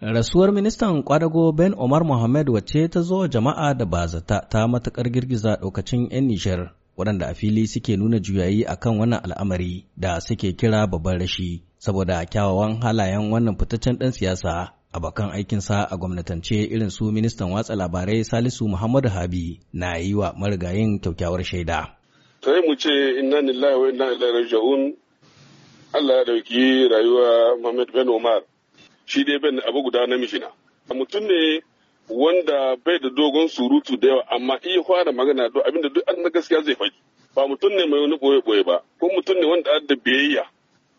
Rasuwar ministan kwadago Ben Omar Mohamed wacce ta zo jama'a da bazata ta matukar girgiza lokacin 'yan Nijar waɗanda a fili suke nuna juyayi a kan wannan al'amari da suke kira babban rashi saboda kyawawan halayen wannan fitaccen ɗan siyasa a bakan aikinsa a gwamnatance irin su ministan watsa labarai Salisu Muhammadu Habi na yi wa marigayin kyaukyawar shaida. Sai mu ce inna lillahi wa inna ilaihi raji'un Allah ya dauki rayuwa Muhammad Ben Omar. shi dai bai abu guda na mishina mutum ne wanda bai da dogon surutu da yawa amma iya fara magana don abinda duk an na gaskiya zai faɗi ba mutum ne mai wani boye boye ba ko mutum ne wanda adda biyayya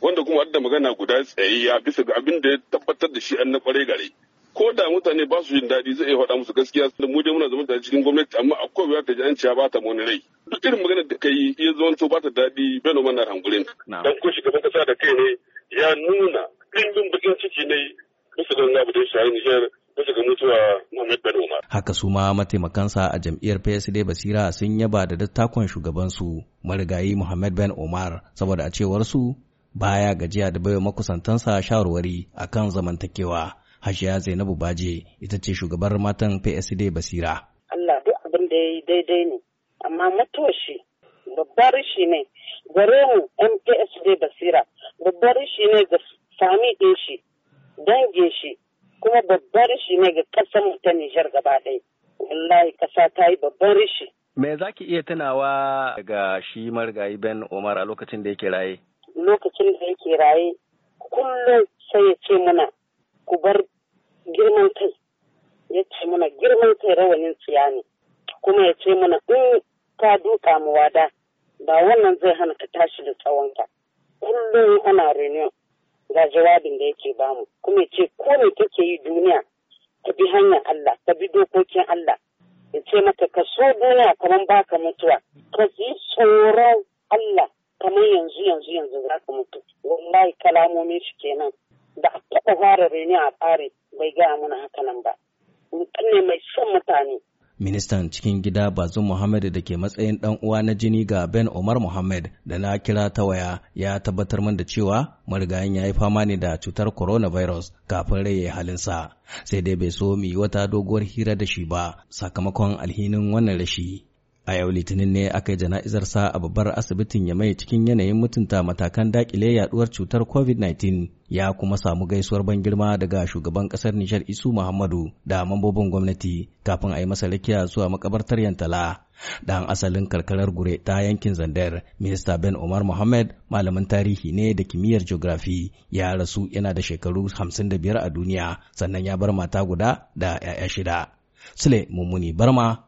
wanda kuma adda magana guda tsayayya bisa ga abin da ya tabbatar da shi an na kware gare ko da mutane ba su jin daɗi zai iya faɗa musu gaskiya da mu dai muna zama tare cikin gwamnati amma akwai wuya ya ji an ciya ba ta wani rai duk irin magana da ka yi iya to ba ta daɗi bai na hangurin dan ko shugaban kasa da kai ne ya nuna ɗimbin bikin ciki ne bisa ga na abu shayi Nijar bisa ga mutuwa Muhammad Bello ma. Haka su ma mataimakansa a jam'iyyar PSD Basira sun yaba da dattakon shugabansu marigayi Muhammad Ben Omar saboda a cewar su baya gajiya da baiwa makusantansa shawarwari kan zamantakewa. Hashiya Zainabu Baje ita ce shugabar matan PSD Basira. Allah duk abin da ya yi daidai ne, amma mutuwa babbar shi ne, gare mu MPSD Basira, babbar shi ne ga sami ɗin shi dangin shi kuma babbar shi ne ga ƙasar ta Nijar gaba ɗaya wallahi ƙasa ta yi babban rishi me za ki iya tunawa daga shi marigayi Ben Omar a lokacin da yake raye lokacin da yake raye kullum sai ya ce mana ku bar girman kai ya ce mana girman kai rawanin tsiya ne kuma ya ce mana in ka duka mu wada ba wannan zai hana ka tashi da tsawonka kullum ana reunion ga jawabin da yake bamu kuma ce ko ne take yi duniya ka bi hanyar Allah ka bi dokokin Allah ya ce mata ka so duniya kamar baka mutuwa ka yi tsoron Allah kamar yanzu yanzu yanzu za ka mutu wallahi kalamomin shi kenan da a taɓa fara reni a tsari bai gaya mana haka nan ba mutum ne mai son mutane ministan cikin gida bazu muhammad da ke matsayin dan uwa na jini ga ben omar muhammad da na kira ta waya ya tabbatar min da cewa marigayin ya yi fama ne da cutar coronavirus kafin rai ya halinsa sai dai bai so mu yi wata doguwar hira da shi ba sakamakon alhinin wannan rashi a yau litinin ne aka yi jana'izarsa a babbar asibitin ya mai cikin yanayin mutunta matakan dakile yaduwar cutar covid-19 ya kuma samu gaisuwar ban girma daga shugaban kasar nishar isu muhammadu da mambobin gwamnati kafin a yi masa rakiya zuwa makabartar yantala dan asalin karkarar gure ta yankin zandar minista ben omar mohammed malamin tarihi ne da kimiyyar geography ya rasu yana da shekaru 55 a duniya sannan ya bar mata guda da 'ya'ya shida sule mummuni barma